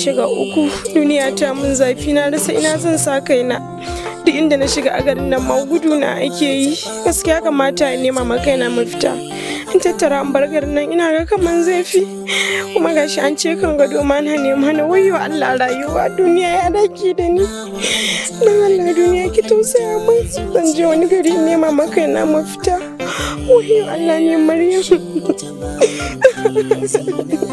shiga uku duniya ta mun zafi na rasa ina zan sa kai na duk inda na shiga a garin nan ma gudu na ake yi gaskiya kamata ya nema ma na mafita an tattara an bar garin nan ina ga kaman zafi kuma gashi an ce kan gado ma na nema na wayo Allah rayuwa duniya ya daki da ni dan Allah duniya ki tausaya min zan je wani gari nema ma na mafita wayo Allah ne Maryam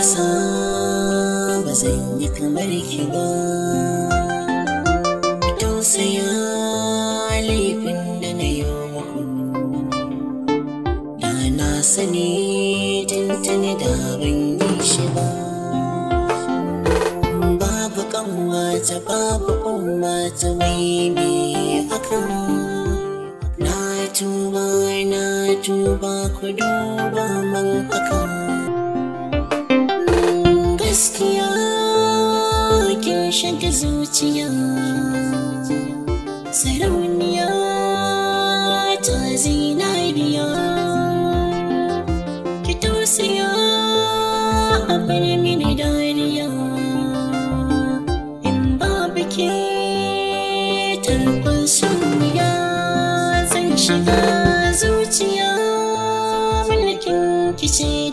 ƙasa ba zan yi kamar ki ba tausaya laifin da na yi muku da na sani tuntuni da ban yi shi ba babu kanwata babu kanwata mai ne akan na tuba na tuba ku duba man akan shiga zuciya sarauniya ta zinariya ki tausaya a bar mini dariya in babu ke tarkon suniya zan shiga zuciya mulkin kice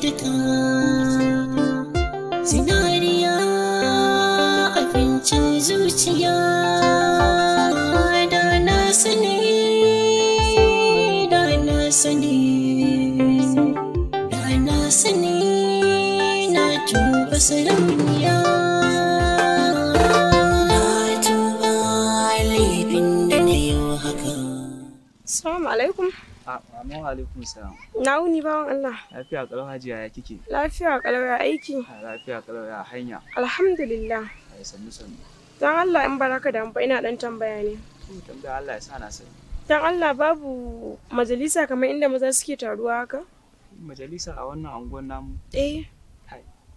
Amin alaikum salam. Na wuni bawan Allah. Lafiya kalau hajiya ya kike? Lafiya kalau ya aiki? Lafiya kalau ya hanya. Alhamdulillah. Ai sannu sannu. Dan Allah in baraka da amfa ina dan tambaya ne. To tambaya Allah ya sa na sani. Dan Allah babu majalisa kamar inda maza suke taruwa haka? Majalisa a wannan anguwan namu? Eh.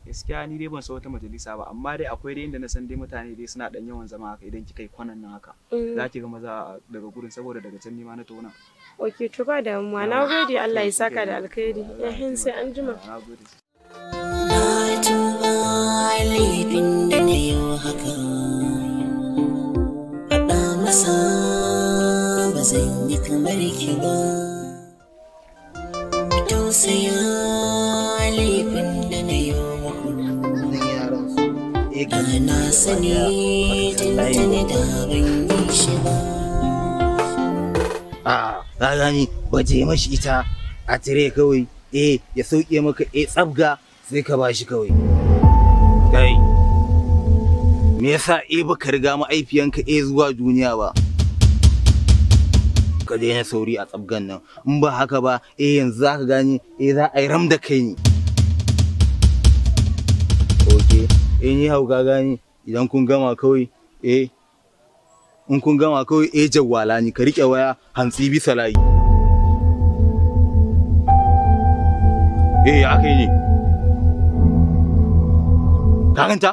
gaskiya ni dai ban san wata majalisa ba amma dai akwai dai inda na san dai mutane dai suna dan yawan zama haka idan kika yi kwanan nan haka mm. za ki ga maza daga gurin saboda daga can nima na tona ok to ba damuwa na gode Allah ya saka da alkhairi ya sai an jima na gode laifin da na yau haka faɗa yake na da ban yi shi ba baje mashi ita a tire kawai eh ya sauke maka eh tsabga sai ka bashi kawai kai me yasa eh baka riga ma'aifiyanka eh zuwa duniya ba ka daina sauri a tsabgan nan in ba haka ba eh yanzu zaka gani eh za a yi ram da kai ne eh ni hau ka gani idan kun gama kawai eh in kun gama kawai eh jawwala ni ka rike waya hantsi bisa layi eh aka yi ne ka ganta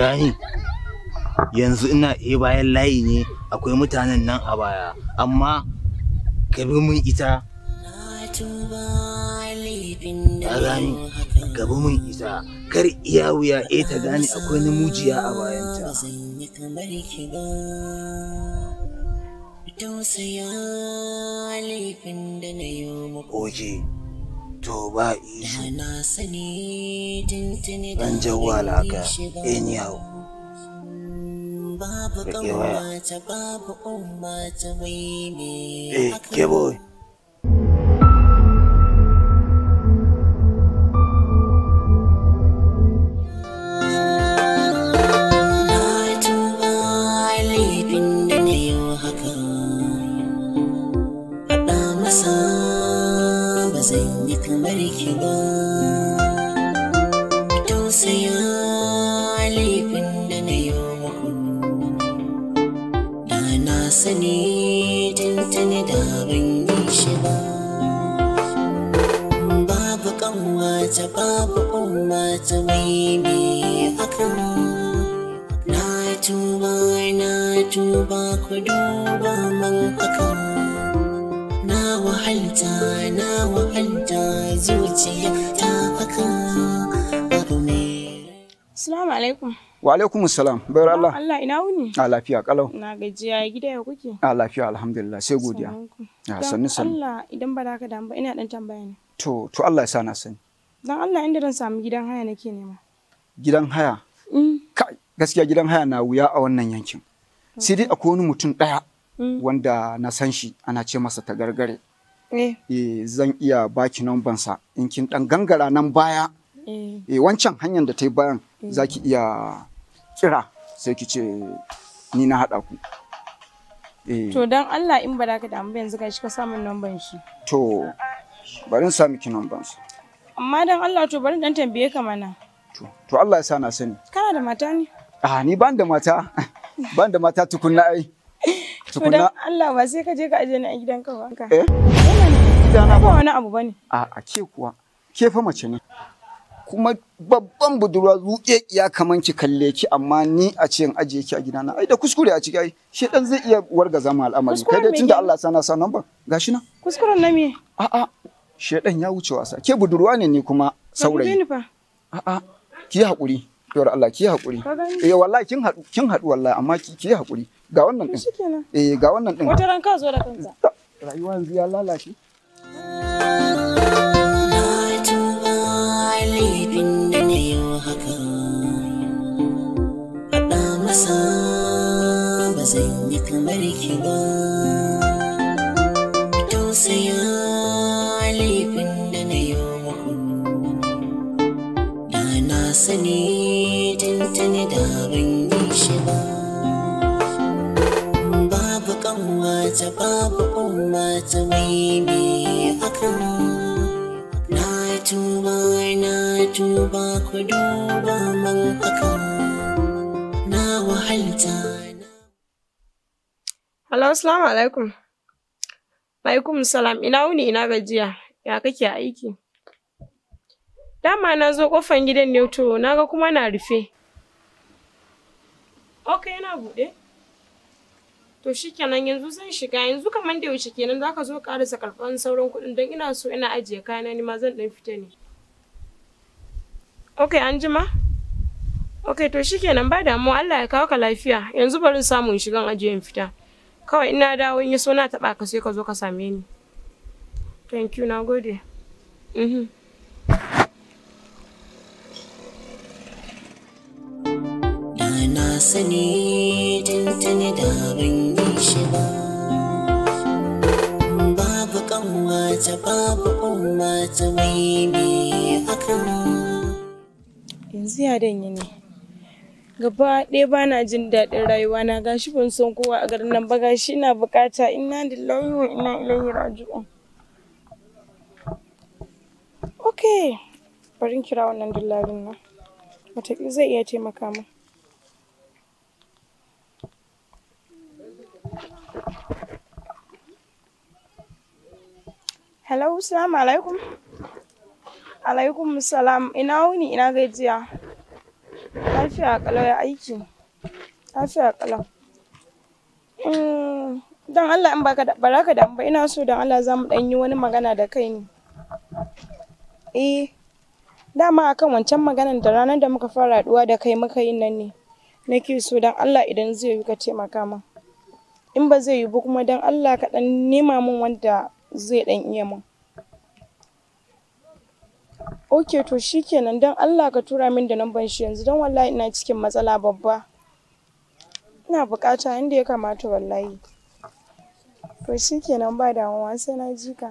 gani yanzu ina iya eh, bayan layi ne akwai mutanen nan a baya amma ka mun ita Rami, gaba mun isa, kar iya wuya e ta gane akwai namujiya a bayanta. Oke, to ba isu. Ɗan jawala ka, anyhow. babu kan babu umma mai haka. Eh, ke alaikum salam. Bayar Allah. Allah ina wuni? A lafiya kalau. Na gajiya gida ya kuke? A lafiya alhamdulillah sai godiya. A sannu sannu. Allah idan ba da ka damu ba ina dan tambaya ne. To to Allah ya sa na sani. Dan Allah inda zan samu gidan haya nake nema. Gidan haya? Mm. Kai gaskiya gidan haya na wuya a wannan yankin. Sai dai akwai wani mutum daya mm. wanda na san shi ana ce masa tagargare. Eh. eh zan iya baki sa in kin dan gangara nan baya. Eh. eh wancan hanyar da ta yi bayan eh. za ki iya kira sai ki ce ni na haɗa ku. Eh. To don Allah in ba da ka damu yanzu ka shi ka samun namban shi. To bari in sa miki namban sa. Amma don Allah to bari dan tambaye ka mana. To to Allah ya sa na sani. Kana da mata ne? Ah ni ban da mata. Ban da mata tukunna ai. Tukunna. To don Allah ba sai ka je ka aje ni a gidanka ba. Eh? Ba wani abu bane. a ke kuwa. Ke fa mace ne. kuma babban budurwa zuke ya kaman ki kalle ki amma ni a ce in ajiye ki a gida na. ai da kuskure a ciki ai shi dan zai iya warga zama al'amari kai dai tunda Allah sana sa nan ba gashi na kuskuren na me a'a shedan ya wuce wasa ke budurwa ne ni kuma saurayi a'a ki yi hakuri yawar Allah ki yi hakuri eh wallahi kin hadu kin hadu wallahi amma ki ki yi hakuri ga wannan din eh ga wannan din wata ran ka zo da kanka rayuwa yanzu ya lalace abinda na yau haka faɗa masa ba zan yi kamar ki ba tausaya laifin da na yau maku da na sani tuntuni da ban yi shi ba babu kanwata babu umma ta haka hakan tuba na tuba ku duba man haka na wahalta Hello, assalamu alaikum. Alaikum salam, ina wuni ina gajiya, ya kake aiki? Dama na zo kofan gidan ne to, naga kuma na rufe. Ok, yana buɗe. to shikenan yanzu zan shiga yanzu kamar da yaushe kenan zaka zo karasa karban sauran kuɗin don ina so ina ajiye kayana ni ma zan dan fita ne okay anjima okay to shikenan ba damuwa Allah ya kawo ka lafiya yanzu bari samu in shigan ajiye in fita kawai ina dawo in ya so na taɓa ka sai ka zo ka same ni thank you na gode mm na sani tuntuni da ban yi shi ba babu kanwata babu kanwata mai me akan yanzu ya danye ne gaba ɗaya ba na jin daɗin rayuwa na gashi ban son kowa a garin nan ba gashi na bukata ina da wa ina ilaihi raji'un ok bari kira wannan dillalin nan wataƙila zai iya taimaka min Hello, salamu alaikum. Alaikum salam. Ina wuni ina gajiya. Lafiya kala ya aiki. Lafiya kalau. Hmm, don Allah in baka da baraka da ba ina so don Allah za mu yi wani magana da kai ne. Eh, dama akan wancan maganan da ranar da muka fara haduwa da kai muka yin nan ne. Nake so don Allah idan zai yi ka taimaka maka. in ba zai yi ba kuma don Allah ka dan nema min wanda zai dan iya min ok to shikenan don Allah ka tura min da namban shi yanzu don wallahi ina cikin matsala babba ina bukata inda ya kamata wallahi to shikenan ba damuwa sai na jika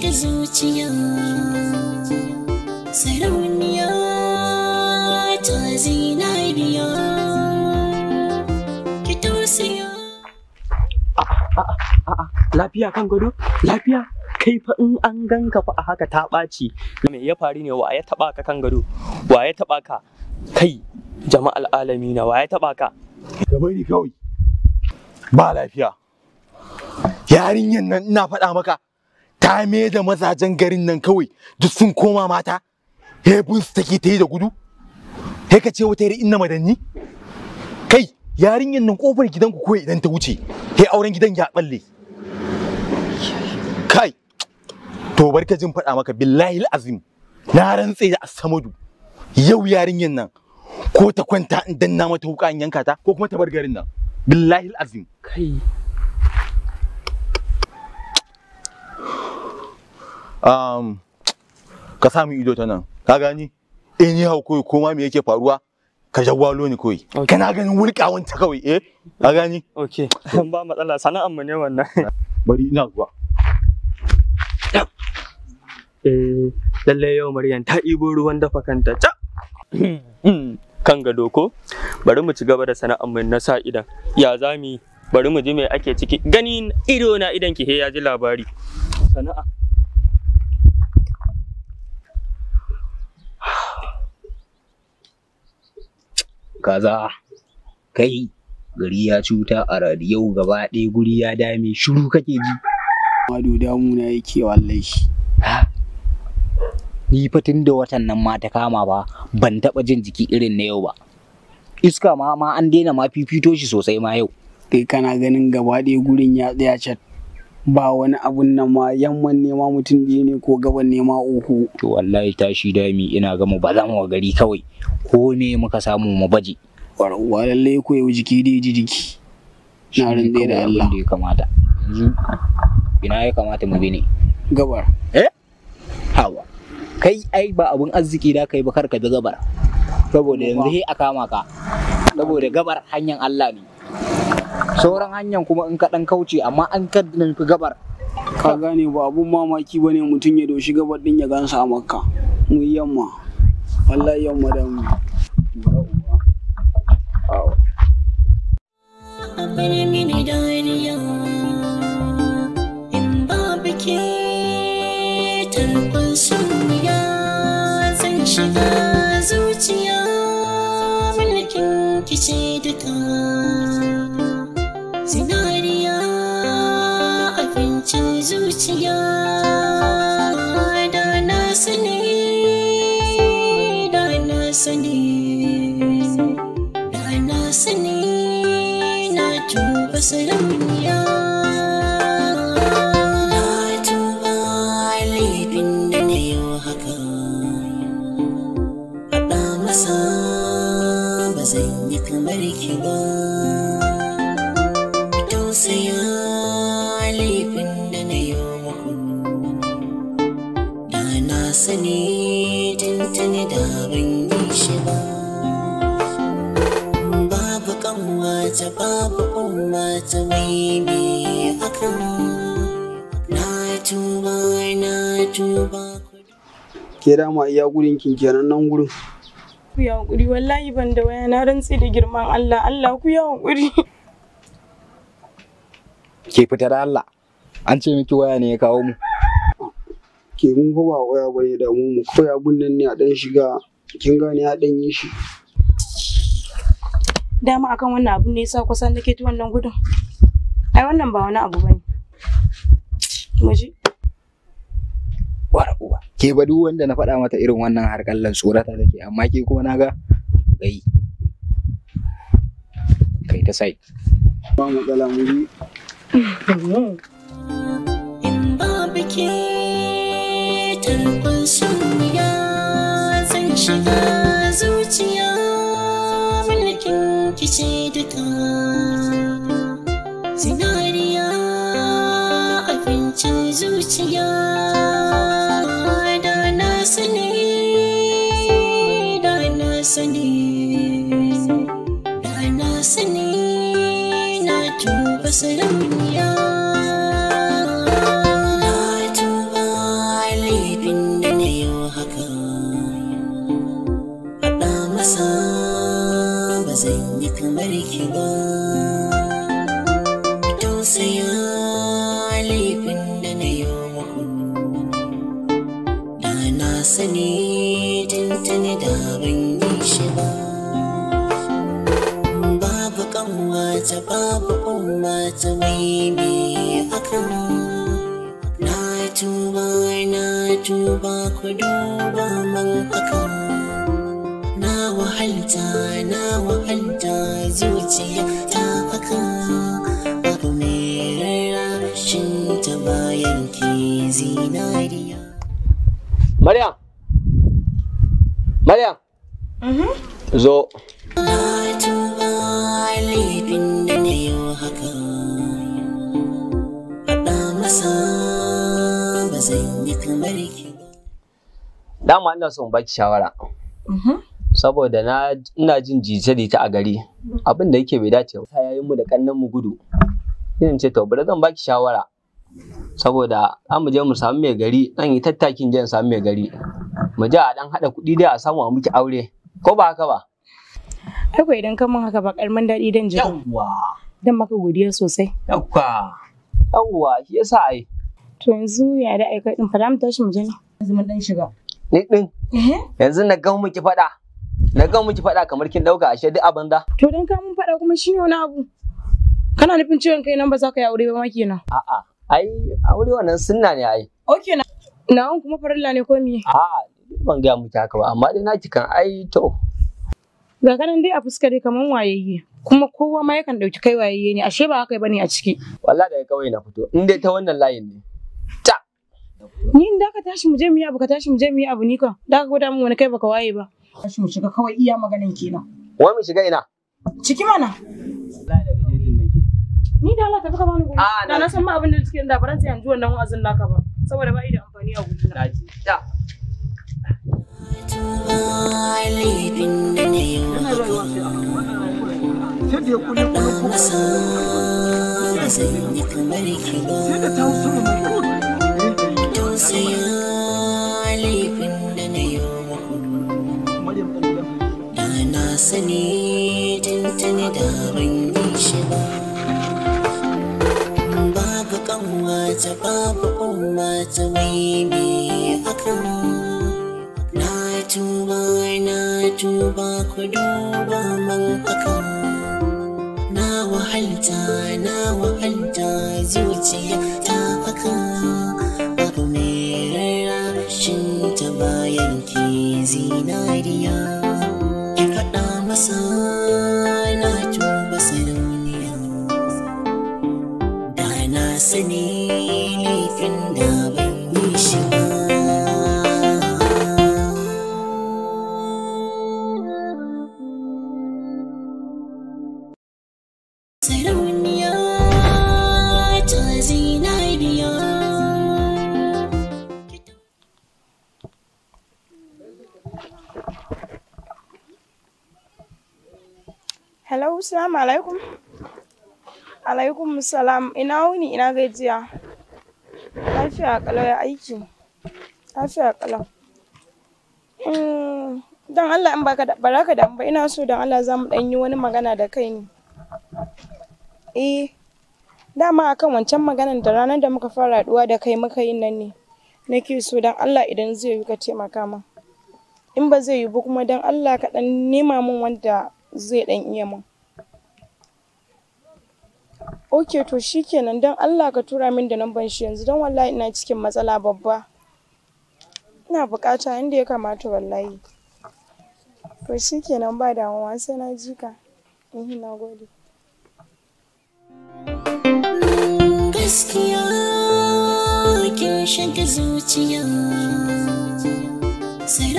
ga zuciya sarauniya ta zinariya ki tausaya lafiya kan gado lafiya kai fa in an ganka fa a haka ta ɓaci me ya faru ne wa ya taɓa ka kan gado wa ya taɓa ka kai jama'al alami na wa ya taɓa ka ka bari kawai ba lafiya yarinyan nan ina faɗa maka ta me da mazajen garin nan kawai duk sun koma mata hebun su take ta yi da gudu kace ka ce wata na madanni kai Yarinyan nan kofar gidanku kawai idan ta wuce He auren gidan ya balle kai to bar jin faɗa maka billahi azim na rantse da asamadu yau yarinyan nan ko ta kwanta in danna mata wuka in yanka ta ko kuma ta bar garin nan billahi azim kai um, ka sa min ido ta nan ka gani in eh, yi hau ko ma me yake faruwa ka jawwalo ni koyi kana ganin wulkawan ta kawai eh ka gani okay ba matsala sana'an mu ne wannan bari ina zuwa eh lalle yau Maryam ta ibo ruwan dafa kanta ta kan gado ko bari mu ci gaba da sana'an mu na sa idan ya zami bari mu ji me ake ciki gani ido na idan ki he ya ji labari sana'a kaza kai gari ya cuta a radiyau gaba ɗaya guri ya dame shiru kake ji mado damuna yake wallahi ni fa tun da watan nan ma ta kama ba ban taɓa jin jiki irin na yau ba iska ma ma an daina ma fifito shi sosai ma yau kai kana ganin gaba ɗaya gurin ya tsaya cat ba wani abun nan ma yamman nema mutum biyu ne ko gaban nema uku to wallahi tashi dami ina gama ba za mu gari kawai ko me muka samu mu baje wa lalle ko yau jiki da ji jiki na dai da Allah da ya kamata yanzu ina ya kamata mu bi ne gabar eh hawa kai ai ba abun arziki da kai ba kar ka bi gabar saboda yanzu sai a kama ka saboda gabar hanyar Allah ne sauran hanyar kuma in ka dan kauce amma an ka nufi gabar ka gane ba abun mamaki ne mutum ya doshi gabar din ya gansa a makka mu yamma wallahi yamma da mu dariya shiga zuciya mulkin kishi duka hukuncin zuciya da na sani da na sani da na sani na tuba sarauni ta babu umma ta mimi akan na tuba na tuba ke dama iya gurin kin kenan nan gurin ku ya hakuri wallahi ban da waya na rantsi da girman Allah Allah ku ya hakuri ke fita da Allah an ce miki waya ne ya kawo mu ke mun ba waya bane da mu ko ya gunnan ne a dan shiga kin gane ya dan yi shi dama akan wannan abun ne yasa kusan nake ta wannan gudun ai wannan ba wani abu bane muji Wara uwa ke ba duk wanda na faɗa mata irin wannan kallan tsorata take amma ke kuma naga gai kai ta sai ba matsala muri in ba biki kun sun ya zan shiga zuciya na sani da na sani da na sani na tuba salam ta babu umma ta maimi akan na tuba na tuba ku duba man akan na wahalta na wahalta zuciya ta akan abu mai rarrashin ta bayan ki zinariya Maryam Maryam mm-hmm. zo. Mm -hmm. so, ki Dama ina son baki shawara. Mm-hmm. Saboda na ina jin jijiri ta a gari abin da yake bai dace ba yayin mu da kannan mu gudu. Ina ce to bari zan baki shawara. Saboda an mu je mu samu mai gari an yi tattakin je samu mai gari. Mu je a dan hada kuɗi dai a samu a miki aure. Ko ba haka ba? Akwai idan kan mun haka ba karman daɗi dan jikin. Yawwa. Dan maka godiya sosai. Yawwa. yawwa shi yasa ai to yanzu ya da aika din fara mu tashi mu je yanzu mun dan shiga ni din eh? yanzu na ga miki fada na ga miki fada kamar kin dauka ashe duk abin da to dan ka mun fada kuma shi ne wani abu kana nufin ciwon kai nan ba za ka yi aure ba ma kenan a'a ai aure wannan sunna ne ai oke na na'un kuma farilla ne ko me a'a ban ga miki haka ba amma dai naki kan ai to ga kanan dai a fuska dai kaman wayayye kuma kowa ma yakan ɗauki kai waye ne ashe ba haka bane a ciki wallahi daga kawai na fito in dai ta wannan layin ne ta ni in da ka tashi mu je mu yi abu ka tashi mu je mu yi abu ni kan da ka gwada min wani kai baka waye ba tashi mu shiga kawai iya maganin kenan wai mu shiga ina ciki mana ni da Allah tafi ka bani gobe ah, na na san ma abin da suke da baran sai yanzu wannan wa'azin naka ba saboda ba da amfani a gurin na ji da Tuna rayuwa ce a wannan sai da ya kule kule ko sai da ta hausa mu Na sani tuntuni da ban yi shi babu kanwata babu ummata mai me akan na tuba na tuba ku duba man akan wahalta na wahalta zuciya salamu alaikum. Alaikum salam. Ina wuni ina gajiya. Lafiya kala ya aiki. Lafiya kala hmm, Dan Allah in baka da baraka da ba ina so dan Allah za mu dan yi wani magana da kai ne. Eh. Dama akan wancan maganan da ranar da muka fara haduwa da kai muka yin nan ne. Nake so dan Allah idan zai yi ka taimaka ma. In ba zai yi ba kuma dan Allah ka dan nema min wanda zai dan iya mun ok to shikenan don allah ka tura min da namban shi yanzu don wallahi ina cikin matsala babba ina bukata inda ya kamata wallahi to shikenan ba damuwa sai na ji ka na gode gaskiya kin shanka zuciya Sai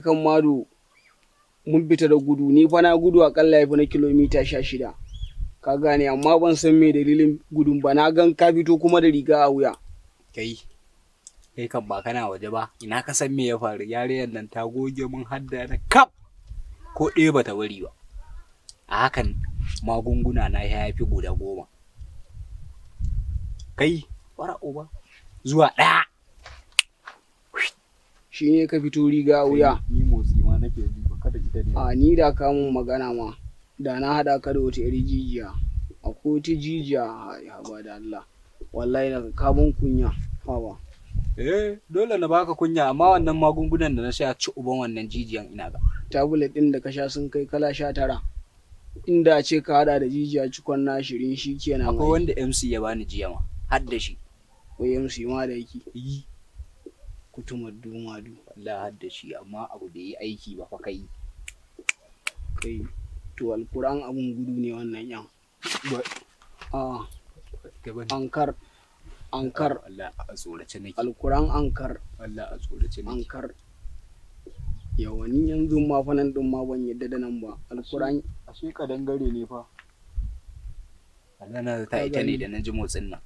kan mado mun fita da gudu ni fa na gudu akalla ya fi na kilomita sha shida ka gane amma ban san me dalilin gudun ba na gan ka fito kuma da riga a wuya kai kai kan ba kana waje ba ina ka san me ya faru yarinyar nan ta goge mun hadda na kap ko ɗaya bata bari ba a hakan magunguna na ya fi guda goma kai fara uba zuwa ɗaya shi ne ka fito riga wuya a ni da kamun magana ma da na hada ka da wata yar jijiya a ko jijiya ya ba da Allah wallahi na ka kunya hawa eh dole na baka kunya amma wannan magungunan da na sha ci uban wannan jijiyan ina ga tablet din da ka sha sun kai kala sha tara inda ce ka hada da jijiya cikon na shirin shi kenan akwai wanda MC ya bani jiya ma har da shi Akwai MC ma da yake kutumar du Allah hadda shi amma abu da yi aiki ba fa kai kai to alquran abun gudu ne wannan yan a ankar ankar Allah a tsorace nake alquran ankar Allah a tsorace nake ankar yawa ni yanzu ma fa nan din ma ban yadda da nan ba alquran a shi kadangare ne fa Allah na ta ita ne da na ji motsin nan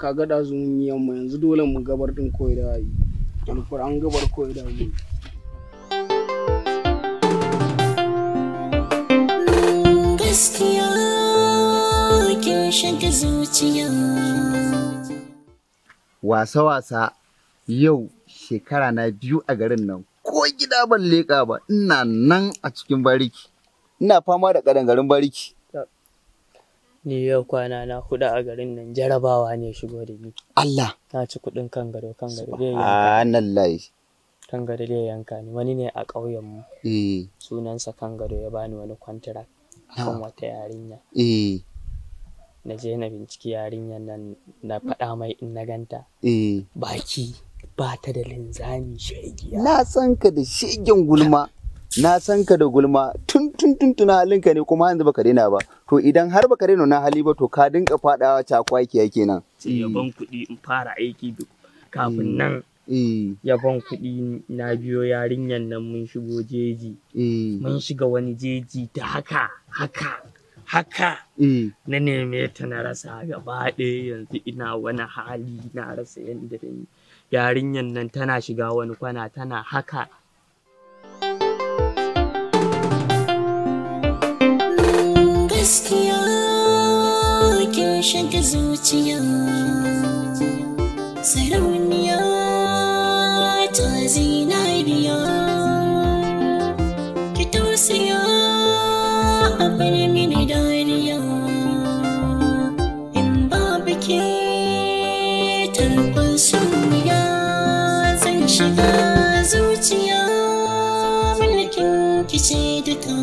kaga da zumun yamma yanzu dole mu gabar din koyi da yi alkur'anga barko da mu gaskiya kin shiga zuciya wasa wasa yau shekara na biyu a garin nan ko gida ban leƙa ba ina nan a cikin bariki ina fama da ƙadangarin bariki Ni yau kwana na hudu a garin nan jarabawa ne shigo da ni. Allah. Na ci kuɗin kan gado kan gado. layi. Kan gado da yanka ni wani ne a ƙauyen mu. Eh. Sunansa kan gado ya bani wani kwantira. Ah. Kan wata yarinya. Eh. Na je na binciki yarinyar nan na faɗa mai in na ganta. Eh. Baki ba ta da linzami shegiya. Na san ka da shegen gulma. Na san ka da gulma tun tuntuntuna halinka ne kuma yanzu baka daina ba to idan har baka daina na hali ba to ka dinka fadawa cakwaki kenan nan ya ban kuɗi in fara aiki kafin mm. nan eh. ya ban kuɗi na biyo yarinyan nan mun shigo jeji eh. mun shiga wani jeji ta haka haka haka eh. na neme ta na rasa gaba ɗaya yanzu ina wani hali na rasa yadda ni yarinyan nan tana shiga wani kwana tana haka gaskiya kin shiga zuciya sarauniya ta zinariya ki tausaya a bar mini dariya in babu ke tarkon soyayya zan shiga zuciya mulkin kice duka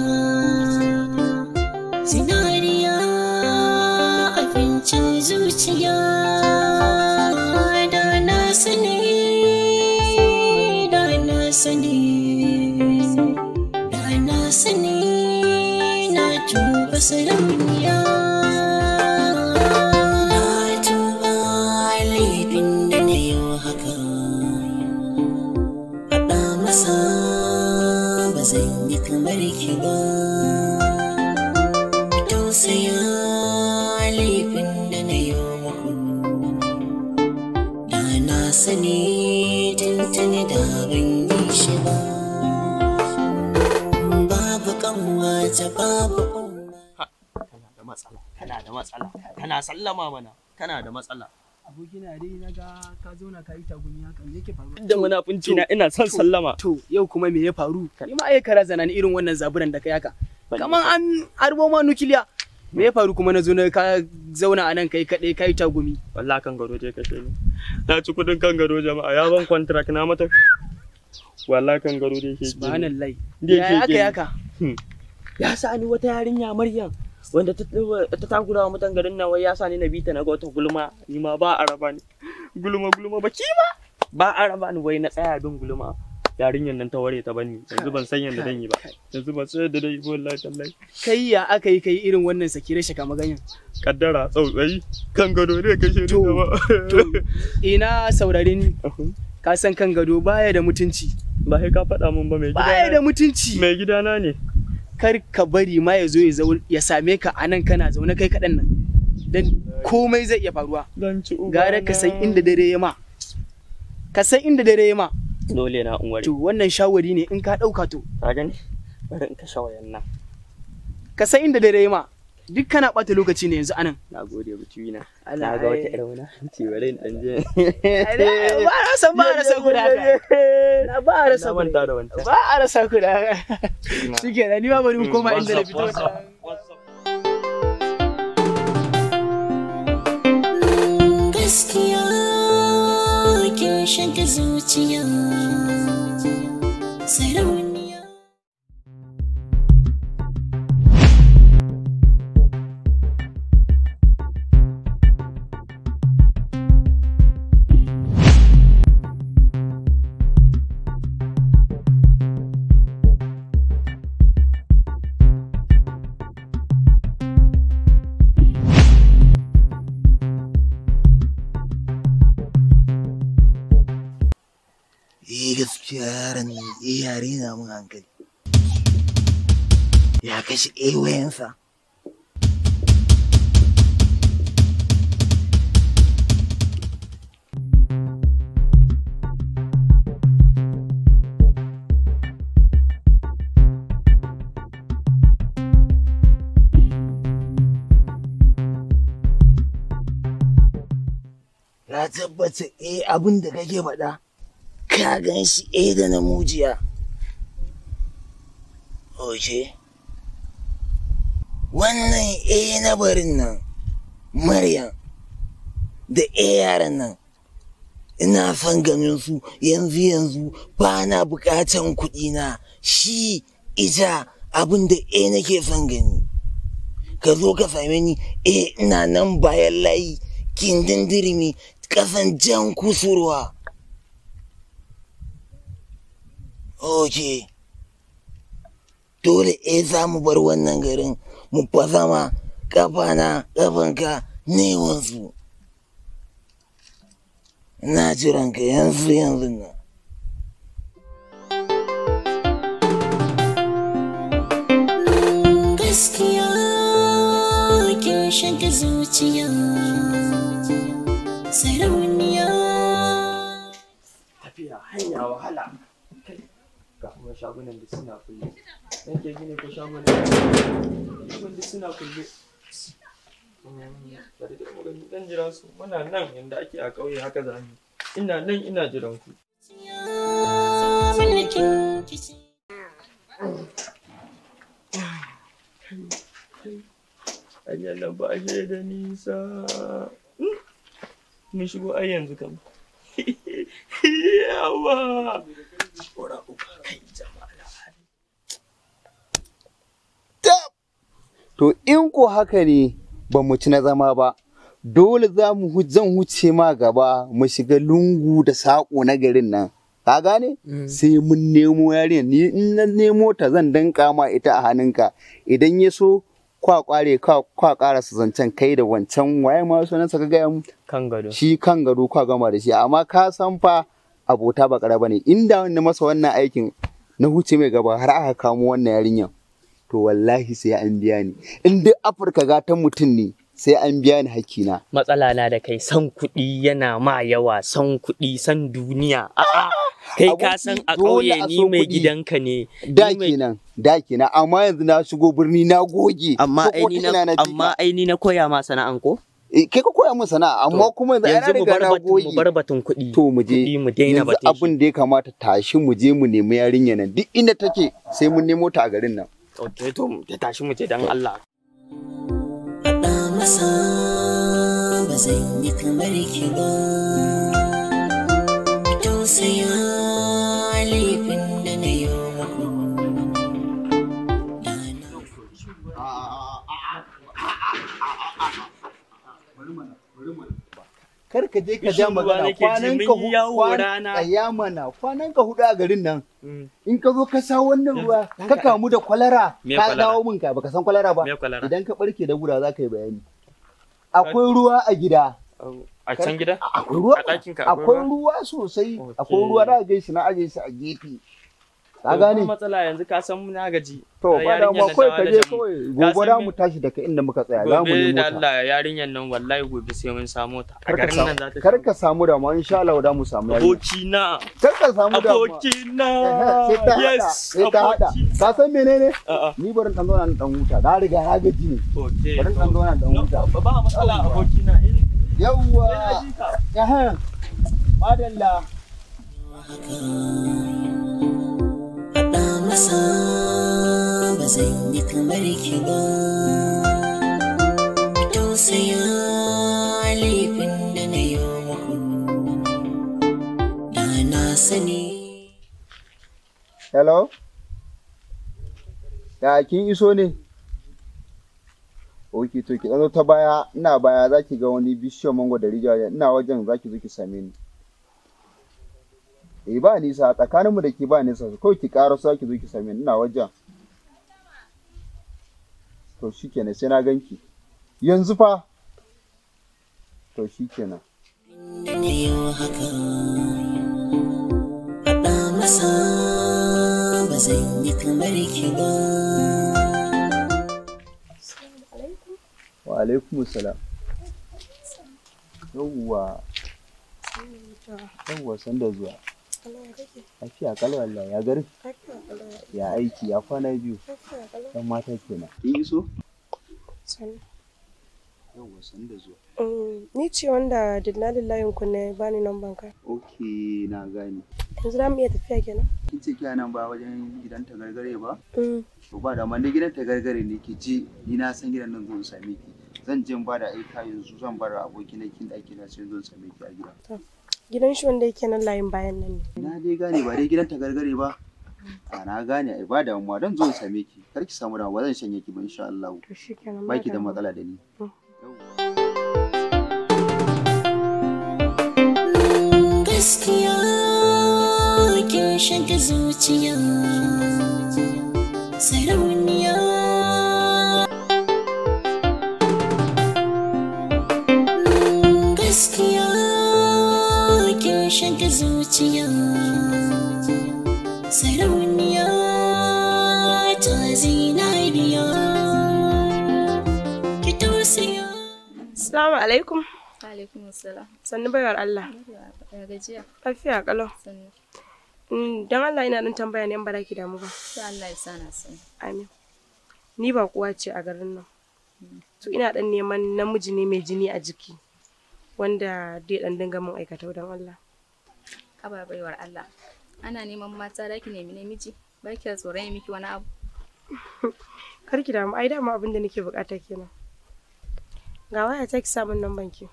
koma mana kana da matsala abokina dai na ga ka zauna ka yi tagumi haka yake faruwa da munafunci na ina son sallama to yau kuma me ya faru ni ma ai kara zanan irin wannan zaburan da kai haka kaman an arbo ma nukiliya me ya faru kuma na zo na ka zauna anan kai ka kai tagumi wallahi kan garo je kashe ni na ci kudin kan garo jama'a ya ban contract na mata wallahi kan gado dai ke subhanallahi ya aka ya aka hmm. ya sa ni wata yarinya maryam wanda ta takura wa mutan garin nan wai ya sa ni na bita na ga wata gulma ni ma ba a raba ni gulma gulma ba ki ma ba a raba ni wai na tsaya bin gulma yarinyar nan ta ware ta bani yanzu ban san yanda dan yi ba yanzu ban san yadda dan yi wallahi tallahi kai ya aka yi kai irin wannan sakire shi kama ganyen kaddara tsautsayi kan gado ne kashe ni ba ina saurare ni ka san kan gado baya da mutunci ba sai ka faɗa mun ba mai gida baya da mutunci mai gidana ne kar ka bari ma ya zo ya same ka a nan kana zaune kai kaɗan nan don komai zai iya faruwa gara ka san inda dare ya ma ka san inda dare ya ma dole na unwari to wannan shawari ne in ka ɗauka to ka gani bari in ka shawayan nan ka san inda dare ya ma duk kana bata lokaci ne yanzu anan na gode butiwi na ana ga wata yar wani ce bare ni dan je ba a rasa ba a rasa kuda na ba a rasa manta da wanta ba a rasa kuda shike na ni ma bari mu koma hmm, inda na fito gaskiya kin shiga zuciya sarauni Yi yare na mun hankali ya kashe eh ya na tabbata eh abin da kake faɗa ka gan shi eh da na oce wannan e na barin nan maryam da e yaran nan ina son ganin su yanzu yanzu ba na kuɗi na shi ita abin da e nake son gani ka zo ka same ni e ina nan bayan layi kin dindirmi kasan jan kusurwa okay. dole eh za mu bar wannan garin mu fazama kafana kafanka ne wansu na ka yanzu yanzu na gaskiya kin shiga zuciya sarauniya hanya wahala ga kuma shagunan da suna kulle dan ke gine ko shagunan shagunan da suna kulle hmm, bari da magani dan jira su muna nan yanda ake a ƙauye haka za mu ina nan ina jiran ku Hanyar nan ba shi da nisa. Hmm? Mun shigo ai yanzu kam. Yawa! To in ko haka ne ba mu ci na zama ba, dole za mu zan huce ma gaba mu shiga lungu da saƙo na garin nan. Ka gane? Mm. Sai mun nemo yarinya ni in na nemo ta zan danka ma ita a hannunka. Idan ya so kwa kware kwa ƙara su zancen kai da wancan waye ma sunan sa gaya mu kan gado shi kan gado kwa gama da shi amma ka san fa abota ba ƙara bane inda wani masa wannan aikin na huce mai gaba har aka kamo wannan yarinyar to wallahi sai an biya ni in duk afirka gatan mutum ne sai an biya ni hakina Matsala na da kai san kuɗi yana ma yawa san kuɗi san duniya. A'a kai ka san a ƙauye ni mai gidanka ne. Da kenan da kenan amma yanzu na shigo birni na goge. Amma aini na koya ma sana'an ko? Eh, ke ka koya mun sana'a amma kuma yanzu ana riga na goyi mu bar batun kuɗi to mu je mu daina batun abin da ya kamata tashi mu je mu nemi yarinya nan duk inda take sai mun nemo ta a garin nan to to ta tashi mu je dan Allah da masa ba zan yi kamar ki ba kar ka je ka ja magana kwanan ka hudu na kwanan ka hudu a garin nan mm. in ka zo ka sa wannan ruwa ka kamu da kwalara ka dawo min ka baka san kwalara ba idan ka barke da gura za ka yi bayani akwai ruwa a gida a can gida akwai ruwa akwai ruwa sosai akwai ruwa da ga shi na aje shi a gefe ka gani matsala yanzu ka san na gaji to ba da ma kai ka je kawai gobe da mu tashi daga inda muka tsaya za mu nemo ta Allah yarinyan nan wallahi gobe sai mun samu ta kar ka samu. kar ka samu da mu insha Allah da mu samu yarinya abokina kar ka samu da mu abokina yes sai ta hada ka san menene ni barin dan zauna dan huta na riga na gaji ne barin dan zauna dan huta ba matsala abokina yawwa madalla Thank you. ƙasa ba zan yi kamar ki ba tausaya laifin da na yi muku da na sani hello da kin iso ne ok to ki ta baya ina baya za ki ga wani bishiyar mango da rijiya ina wajen za ki zo ki same ni eh ba nisa tsakaninmu da ke ba nisa ko ki ƙara sa ki zo ki same ina wajen to shikenan sai na ganki yanzu fa to shikenan ba zan yi wa salam yawwa yawwa sanda zuwa Lafiya kalau wallahi ya gari. Ya aiki ya kwana biyu. Dan mata kenan. Kin iso? Sannu. Yawwa sannu da zuwa. Mm, ni ce wanda dillalin layin ku ne ni nan banka. Ok na gani. Yanzu za mu iya tafiya kenan. Kin ce kina nan ba wajen gidan tagargare ba? Mm. To ba da amma gidan tagargare ne ki ji ni na san gidan nan zan same ki. zan je ba da aika yanzu zan bar aboki na kin daki na sai zan same ki a gida gidan shi wanda yake nan layin bayan nan ne na dai gane ba dai gidan ta gargare ba a na gane ai ba damuwa dan zo same ki kar ki samu damuwa zan shanye ki ba insha Allah to shikenan ba ki da matsala da ni gaskiya kin shiga zuciya rauniya. zuciya sarauniya ta zinariya ki tausaya Assalamu alaikum alaikum salam sannu baiwar Allah ya gajiya lafiya kalau sannu mm, dan Allah ina dan tambaya ne in ba ki damu ba Allah ya sana sani amin ni ba kuwa ce a garin nan to ina dan neman namiji ne mai jini a jiki wanda dai dan dinga mun aikata don Allah ababaiwar Allah ana neman mata da ki nemi namiji ba ki tsoron ya miki wani abu kar ki damu ai dama abin da nake bukata kenan ga waya ta ki samun nan banki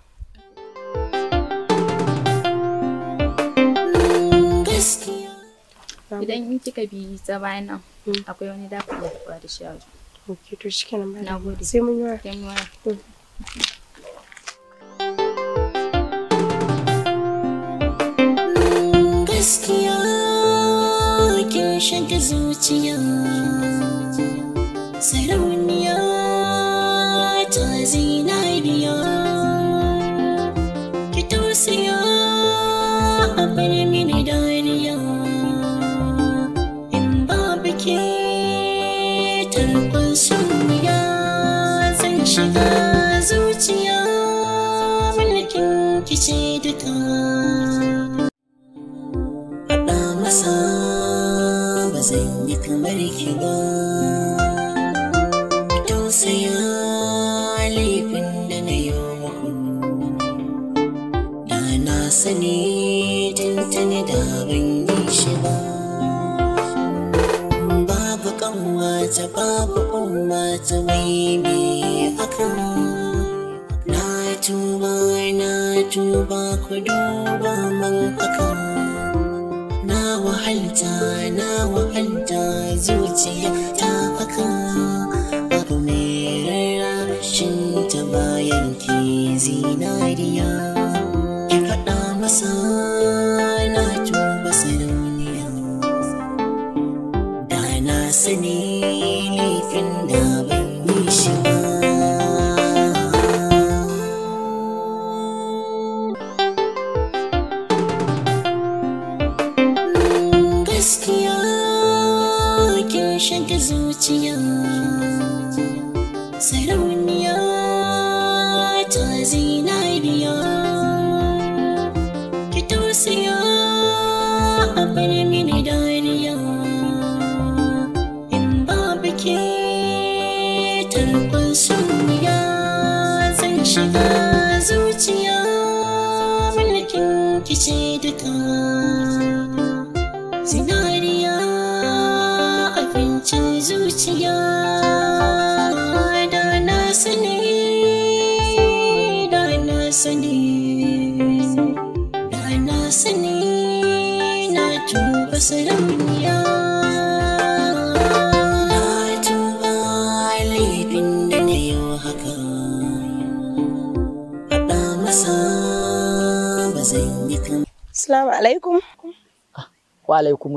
idan in kika bi ta bayan nan mm. akwai wani dafa da da shi a wajen. Ok, to shi kenan bayan. Na gode. Sai mun yi waya. Sai mun yi waya. Mm. shiga zuciya sarauni kamar ki ba tausaya laifin da na yi muku da na sani tuntuni da ban yi shi ba babu kanwata babu kanwata mai bi akan na tuba na tuba ku duba man akan wahalta na wahalta zuciya ta haka babu mai rarrashin ta bayan ki zinariya ki faɗa masa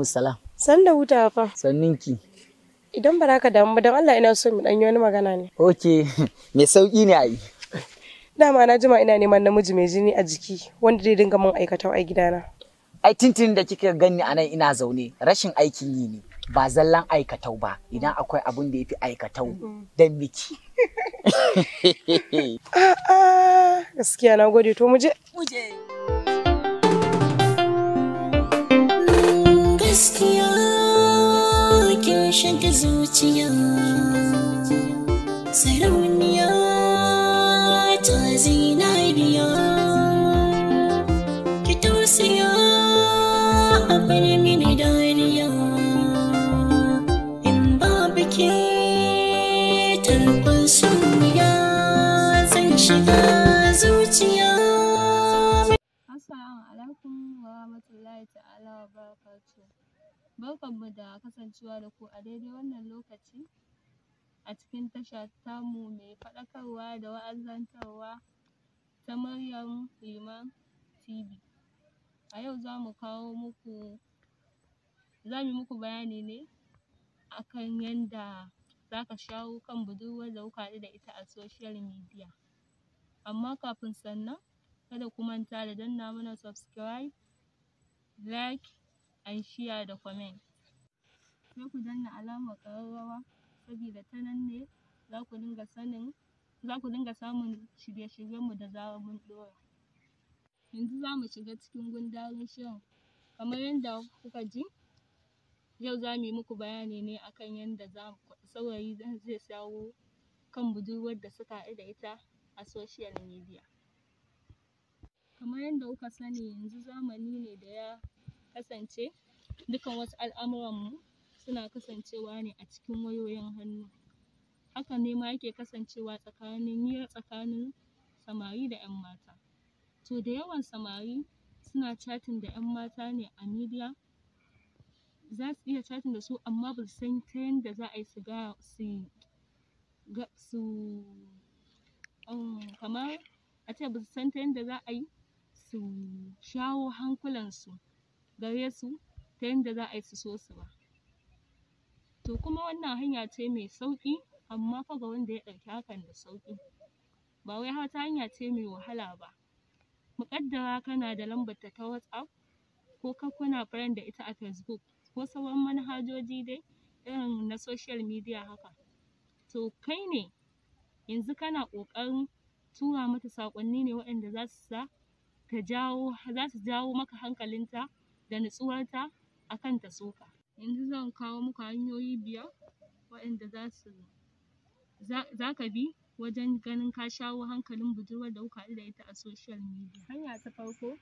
salam. San da huta fa. Idan ba ka damu don Allah ina so mu dan wani magana ne. Ok, mai sauki ne ayi. Dama na jima ina neman namiji mai jini a jiki wanda zai dinga mun aikatau a gidana. Ai tintin da kika gani a nan ina zaune rashin aikin yi ne. Ba zallan aikatau ba idan akwai abin da ya fi aikatau don miki. A'a gaskiya na gode to mu je. shiga zuciya sarauniya ta zina zinariya Barkanmu da kasancewa da ku a daidai wannan lokaci a cikin tasha tamu mai faɗakarwa da wa'azantarwa ta Maryam Liman TV. A yau za mu kawo muku, za mu yi muku bayani ne a kan yanda za ka shawo kan budurwar da kuka haɗu da ita a social media. Amma kafin sannan, kada ku manta da danna mana subscribe, like and share da comment. Sai ku danna alamar ƙararrawa sabida ta nan ne za ku dinga sanin za dinga samun shirye-shiryenmu da zarar mun ɗora. Yanzu za mu shiga cikin gundarin shirin. Kamar yadda kuka ji, yau za mu yi muku bayani ne akan yadda za saurayi zai shawo kan budurwar da suka haɗu da ita a social media. Kamar yadda kuka sani yanzu zamani ne da ya kasance dukan wasu al'amuranmu suna kasancewa ne a cikin wayoyin hannu haka ne ma yake kasancewa tsakanin hira tsakanin samari da 'yan mata to da yawan samari suna chatting da 'yan mata ne a media za su iya chatting da su amma ba su san ta yanda za a yi su ga su ga su um, kamar a ce ba su san ta yanda za a yi su shawo hankulansu gare su ta yadda za a yi su so su ba to kuma wannan hanya ce mai sauƙi amma fa ga wanda ya ɗauki hakan da sauƙi ba wai ta hanya ce mai wahala ba muƙaddara kana da lambar ta ta whatsapp ko kuna friend da ita a facebook ko sauran manhajoji dai irin na social media haka to kai ne yanzu kana ƙoƙarin tura mata saƙonni ne waɗanda za su sa ta jawo za su jawo maka hankalinta da nutsuwarta a kan ta soka. Yanzu zan kawo muku hanyoyi biyar waɗanda za su ka bi wajen ganin ka shawo hankalin budurwar da kuka haɗu da ita a social media. Hanya ta farko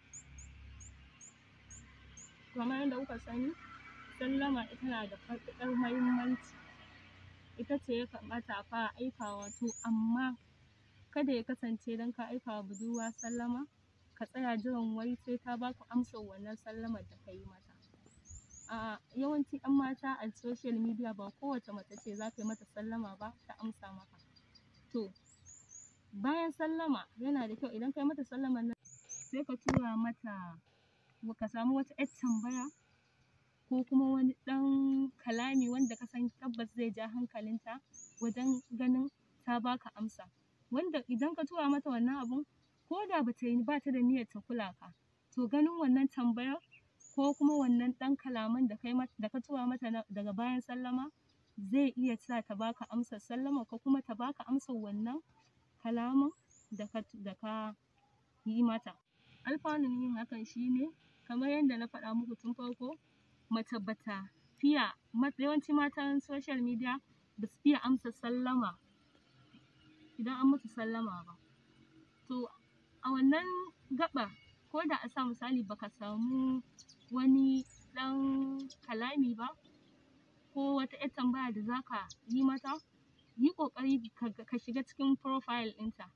kamar yadda kuka sani sallama ita tana da matuƙar muhimmanci ita ce ya kamata a fara aikawa to amma kada ya kasance don ka aikawa budurwa sallama ka tsaya jiran wai sai ta baka amsar wannan sallamar da ka yi mata a yawanci 'yan mata a social media ba kowace mace ce za ka yi mata sallama ba ta amsa maka to bayan sallama yana da kyau idan ka yi mata sallamar nan sai ka tura mata ka samu wata 'yar tambaya ko kuma wani ɗan kalami wanda ka san tabbas zai ja hankalinta wajen ganin ta baka amsa wanda idan ka tura mata wannan abun ko da ba ta yi ba ta da niyyar ta kula ka to ganin wannan tambayar ko kuma wannan ɗan kalaman da kai da ka tura mata daga bayan sallama zai iya sa ta baka amsar sallama ko kuma ta baka amsar wannan kalaman da ka da ka yi mata alfanun yin hakan shine kamar yadda na faɗa muku tun farko mace bata fiya yawanci matan social media ba su fiya amsa sallama idan an musu sallama ba to a wannan gaba ko da a sa misali baka samu wani ɗan kalami ba ko wata yar tambaya da zaka yi mata yi ƙoƙari ka shiga cikin profile ɗinta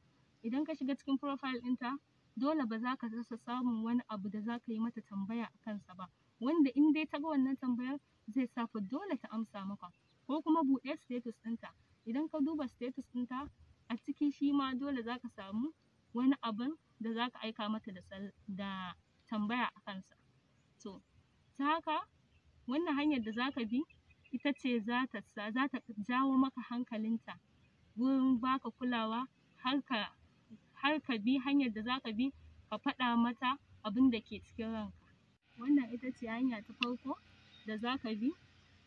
idan ka shiga cikin profile ɗinta dole ba za ka rasa samun wani abu da za ka yi mata tambaya a kansa ba wanda in dai ta ga wannan tambayar zai sa fa dole ta amsa maka ko kuma buɗe status ɗinta idan ka duba status ɗinta a ciki shi ma dole za ka samu wani abun da za ka aika mata da, tambaya a kansa. To, ta haka wannan hanyar da za ka bi ita ce za ta jawo maka hankalinta wurin baka kulawa har ka har ka bi hanyar da za ka bi ka faɗa mata abin da ke cikin ranka. Wannan ita ce hanya ta farko da za ka bi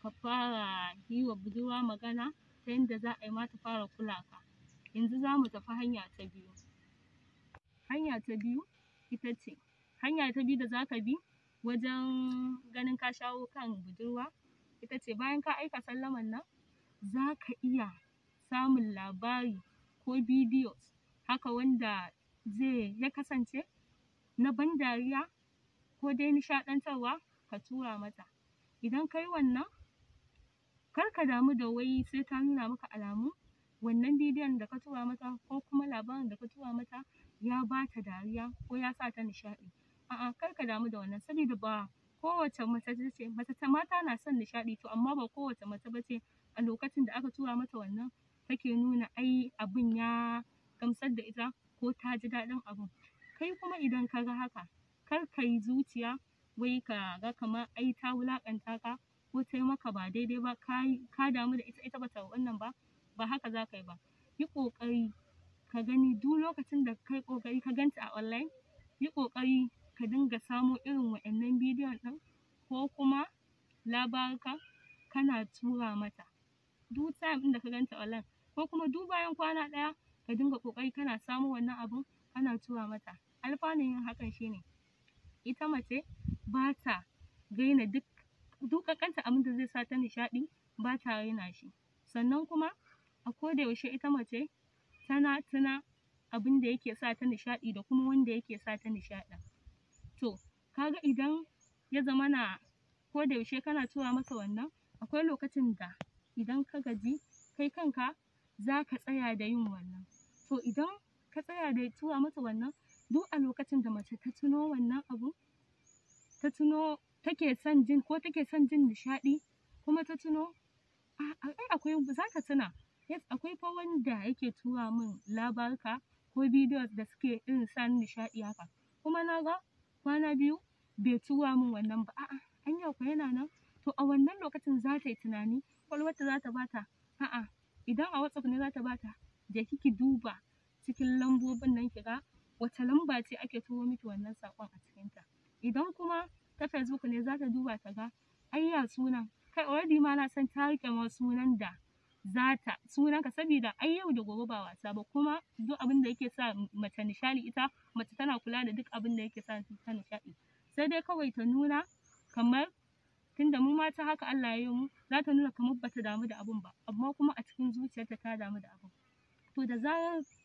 ka fara yi wa budurwa magana ta yadda za a yi ma fara kula ka. Yanzu za mu tafi hanya ta biyu. hanya ta biyu ita ce hanya ta biyu da za ka bi wajen ganin ka shawo kan budurwa ita ce bayan ka aika sallaman nan za ka iya samun labari ko bidiyo haka wanda zai ya kasance na ban dariya ko dai nishaɗantarwa ka tura mata idan ka yi wannan kar ka damu da wai sai ta nuna maka alamu wannan bidiyon da ka tura mata ko kuma labarin da ka tura mata ya ba dariya ko ya sa ta nishaɗi a'a kar ka damu da wannan saboda ba kowace mace ce mace ta mata na son nishaɗi to amma ba kowace mace ba ce a lokacin da aka tura mata wannan take nuna ai abin ya gamsar da ita ko ta ji daɗin abin kai kuma idan ka ga haka kar ka yi zuciya wai ka ga kamar ai ta wulaƙanta ka ko ta maka ba daidai ba ka damu da ita ita ba ta wannan ba ba haka za ka yi ba yi ƙoƙari ka gani duk lokacin da kai ƙoƙari ka ganta a online yi ƙoƙari ka dinga samo irin waɗannan bidiyon ɗin ko kuma labarka kana tura mata duk time din da ka ganta online ko kuma duk bayan kwana ɗaya ka dinga kokari kana samo wannan abun kana tura mata alfanun yin hakan shine ita mace ba ta gaina duk duk abin da zai sa ta nishaɗi ba ta raina shi sannan kuma a koda yaushe ita mace tana tuna abin da yake sa ta nishaɗi da kuma wanda yake sa ta nishaɗa to kaga idan ya zamana ko da yaushe kana tura masa wannan akwai lokacin da idan ka gaji kai kanka za ka tsaya da yin wannan to idan ka tsaya da tura masa wannan duk a lokacin da mace ta tuno wannan abu ta tuno take son jin ko take son jin nishaɗi kuma ta tuno ai akwai za ka tuna yes akwai fa wanda yake tura min labarka ko bidiyos da suke irin sani nishaɗi haka kuma na ga kwana biyu bai tura min wannan ba a'a hanyar ko yana nan to a wannan lokacin za ta yi tunani ta za ta bata a'a idan a whatsapp ne za ta bata ki ki duba cikin lambobin nan ki ga wace lamba ce ake turo miki wannan saƙon a cikinta idan kuma ta facebook ne za ta duba ta ga ai ya sunan kai already ma na san ta riƙe ma sunan da zata sunanka sabida ai yau da gobe ba wasa ba kuma duk abin da yake sa mace nishaɗi ita mace tana kula da duk abin da yake sa ta nishaɗi sai dai kawai ta nuna kamar tunda mu mata haka Allah ya yi mu za ta nuna kamar bata damu da abun ba amma kuma a cikin zuciyarta ta damu da abun to da za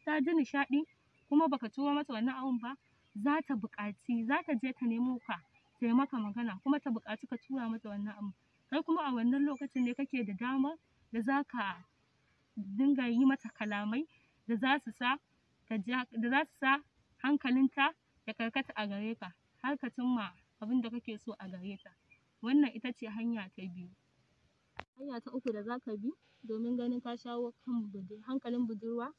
ta ji nishaɗi kuma baka tuwa mata wannan abun ba za ta buƙaci za ta je ta nemo ka ta maka magana kuma ta buƙaci ka tura mata wannan abun kai kuma a wannan lokacin ne kake da damar da za ka dinga yi mata kalamai da za su sa ta da za su sa hankalinta ya karkata a gare ka har ka cimma abin da kake so a gare ta wannan ita ce hanya ta biyu hanya ta uku da za ka bi domin ganin ka shawo kan hankalin budurwa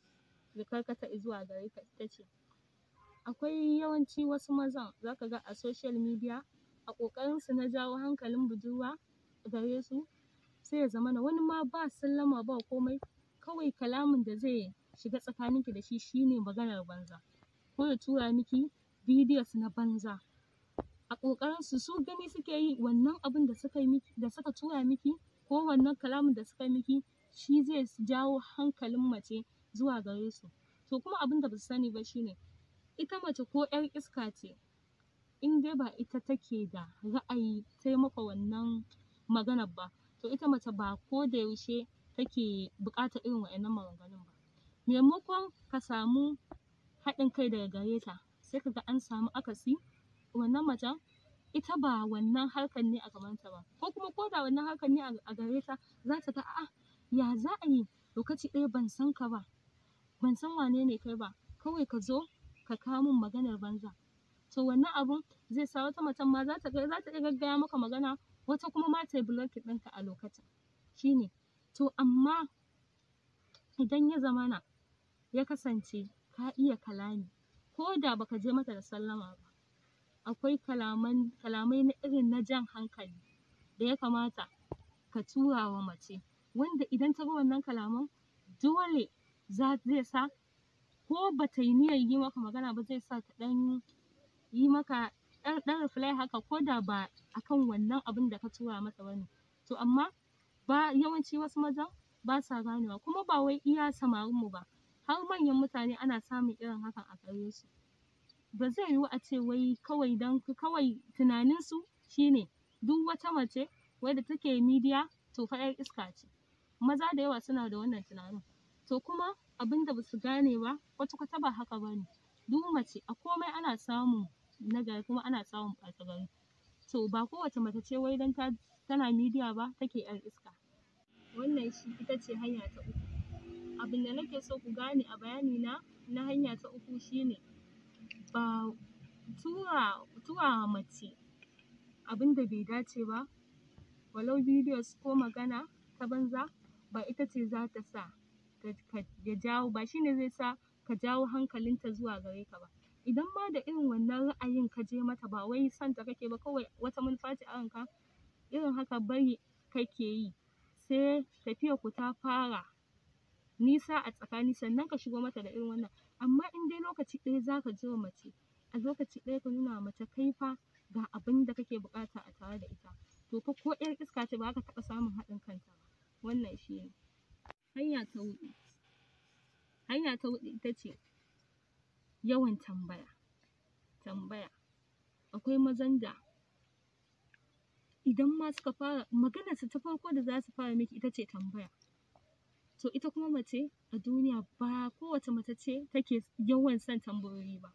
ya karkata zuwa gare ka ita ce akwai yawanci wasu mazan za ka ga a social media a ƙoƙarinsu na jawo hankalin budurwa gare su sai ya zamana wani ma ba sallama ba komai kawai kalamin da zai shiga tsakaninki da shi shine maganar banza ko ya tura miki videos na banza a ƙoƙarin su su gani suke yi wannan abin da suka yi miki da suka tura miki ko wannan kalamin da suka yi miki shi zai jawo hankalin mace zuwa gare su to kuma abin da basu sani ba shine ita mace ko 'yar iska ce in dai ba ita take da ra'ayi taimaka wannan maganar ba to ita mace ba ko da yaushe take buƙatar irin wa'annan maganganun ba maimakon ka samu haɗin kai daga gare ta sai ka ga an samu akasi wannan macen ita ba wannan harkar ne a gabanta ba ko kuma ko da wannan harkar ne a gare ta za ta ga a'a ya za a yi lokaci ɗaya ban san ka ba ban san wane ne kai ba kawai ka zo ka kawo min maganar banza to wannan abun zai sa wata macen ma za za ta iya gaggaya maka magana wata kuma ma ta yi blocking ɗinka a lokacin shi ne to amma idan ya zamana ya kasance ka iya kalami ko da baka je mata da sallama ba akwai kalaman kalamai na irin na jan hankali da ya kamata ka tura wa mace wanda idan ta ga wannan kalaman dole za zai sa ko ba ta yi niyyar yi maka magana ba zai sa ta ɗan yi maka ɗan ɗan reply haka ko da ba akan wannan abin da ka tura masa bane to amma ba yawanci wasu mazan ba sa ganewa kuma ba wai iya samarin mu ba har manyan mutane ana samun irin hakan a gare su ba zai yiwu a ce wai kawai dan kawai tunanin su shine duk wata mace wadda take midiya to fa iska ce maza da yawa suna da wannan tunanin to kuma abin da basu gane ba kwata-kwata ba haka bane duk mace a komai ana samun na gari kuma ana samun ɓata gari to ba kowace mace ce wai dan ta tana midiya ba take yar iska wannan shi ita ce hanya ta uku abin da nake so ku gane a bayani na na hanya ta uku shine ba tura tura mace abin da bai dace ba walau videos ko magana ta banza ba ita ce za ta sa ya jawo ba shine zai sa ka jawo hankalinta zuwa gare ka ba idan ma da irin wannan ra'ayin ka je mata ba wai santa kake ba kawai wata manufa ce a ranka irin haka bari kake yi sai tafiyar ku ta fara nisa a tsakani sannan ka shigo mata da irin wannan amma in dai lokaci ɗaya za ka ji wa mace a lokaci ɗaya ka nuna mace kai fa ga abin da kake buƙata a tare da ita to fa ko ƴar iska ce ba ka taɓa samun haɗin kanta ba wannan shi ne hanya ta huɗu hanya ta huɗu ita ce yawan tambaya tambaya akwai mazan da idan ma suka fara su ta farko da za su fara miki ita ce tambaya to ita kuma mace a duniya ba kowace mace ce take yawan son tambayoyi ba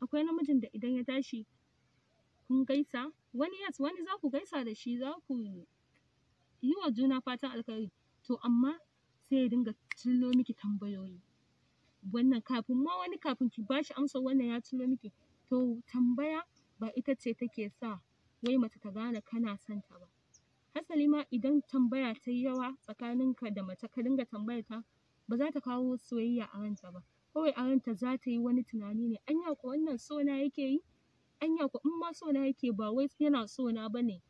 akwai namijin da idan ya tashi kun gaisa wani yes wani za ku gaisa da shi za ku yi wa juna fatan alkhairi to amma sai ya dinga cillo miki tambayoyi wannan kafin ma wani kafin ki bashi amsa wannan ya ciro miki to tambaya ba ita ce take sa wai mace ta gane kana son ta ba hasali ma idan tambaya ta yi yawa tsakaninka da mace ka dinga tambayar ta ba za ta kawo soyayya a ranta ba kawai a ranta za ta yi wani tunani ne anya ko wannan sona yake yi anya ko in ma sona yake ba wai yana so na bane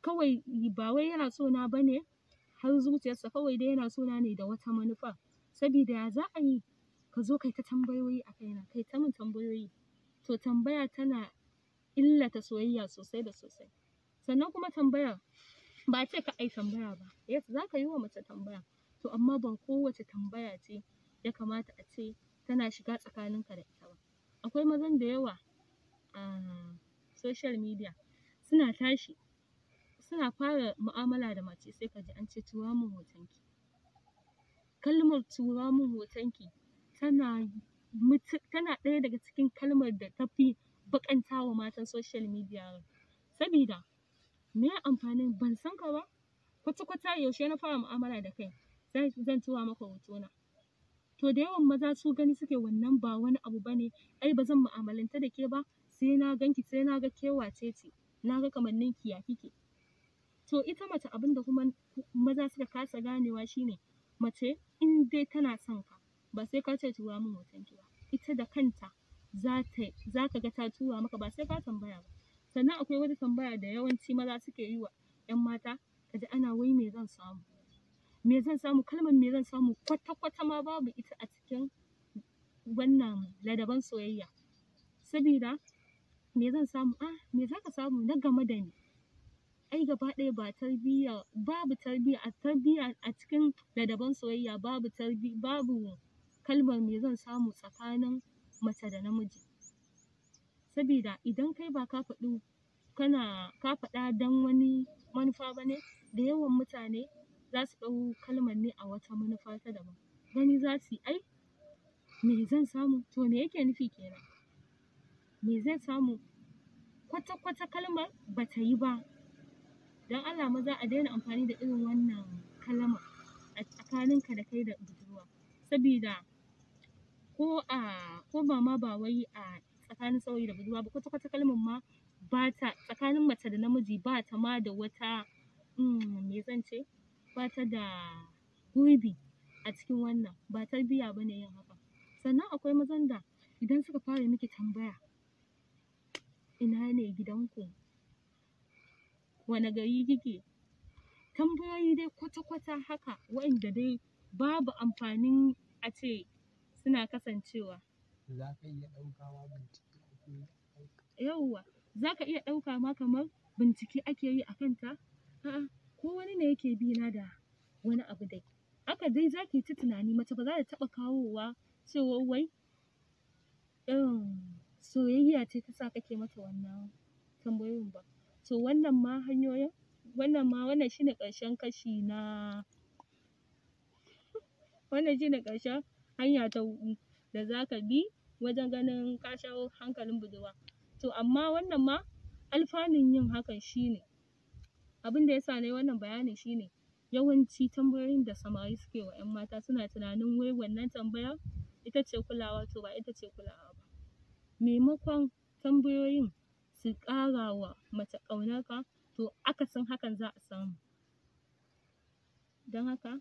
kawai ba wai yana sona ba ne har zuciyarsa kawai dai yana sona ne da wata manufa sabida ya za a yi ka zo kai ta tambayoyi a kaina kai ta min tambayoyi to tambaya tana illata soyayya sosai da sosai sannan kuma tambaya ba ce ka ai tambaya ba yes za ka yi wa mace tambaya to amma ba kowace tambaya ce ya kamata a ce tana shiga tsakaninka da ita ba akwai mazan da yawa a social media suna tashi suna fara mu'amala da mace sai ka ji an ce tura min hotonki kalmar tura min hotonki tana ɗaya daga cikin kalmar da ta fi baƙanta wa matan social media sabida me amfanin ban san ka ba kwata-kwata yaushe na fara mu'amala da kai zan tura maka hotona to da yawan maza su gani suke wannan ba wani abu ba ne. ai ba zan mu'amalanta da ke ba sai na ganki sai na ga ke wace ce na ga kamannin ki ya kike to ita mace abin da kuma maza suka kasa ganewa shine mace in dai tana son ka ba sai ka ce tura min hoton ki ba ita da kanta za ta za ka ga ta tura maka ba sai ka tambaya ba sannan akwai wata tambaya da yawanci maza suke yi wa 'yan mata ka ji ana wai me zan samu me zan samu kalmar me zan samu kwata-kwata ma babu ita a cikin wannan ladaban soyayya sabida me zan samu ah me za ka samu na game da ni ai gaba ɗaya ba tarbiyya babu tarbiyya a tarbiyya a cikin ladaban soyayya babu tarbiyya. babu kalmar me zan samu tsakanin mace da namiji sabida idan kai ba ka faɗi kana ka faɗa don wani manufa ba ne da yawan mutane za su ɗau kalmar ne a wata manufa ta daban gani za su yi ai me zan samu to me yake nufi kenan me zan samu kwata-kwata kalmar ba ta yi ba don Allah maza a daina amfani da irin wannan kalmar a tsakaninka da kai da budurwa sabida ko a ko ba ma ba wai a tsakanin saurayi da budurwa ba kwata kwata kalmar ma ba ta tsakanin mace da namiji ba ta ma da wata mm, me zan ce ba ta da gurbi a cikin wannan ba tarbiyya bane yin haka sannan akwai mazan da idan suka fara miki tambaya ina ne gidanku Wani gari kike tambayoyi dai kwata-kwata haka wa'inda dai babu amfanin a ce suna kasancewa za ka iya ɗaukawa bincike ake yi yawwa za ka iya ɗauka ma kamar bincike ake yi a kanta a'a ko wani ne yake bi na da wani abu dai haka dai za ki ta tunani mace ba za ta taɓa kawowa cewa wai irin soyayya ce ta sa kake mata wannan tambayoyin ba to wannan ma hanyoyin wannan ma wannan shine ƙarshen kashi na wannan shine ƙarshen hanya ta huɗu da zaka bi wajen ganin ka shawo hankalin budurwa to amma wannan ma alfanun yin hakan shine abinda yasa nayi wannan bayanin shine yawanci tambayoyin da samari suke wa ƴan mata suna tunanin wai wannan tambayar ita ce kulawa to ba ita ce kulawa ba maimakon tambayoyin su ƙara wa mace ƙaunarka to akasin hakan za a samu don haka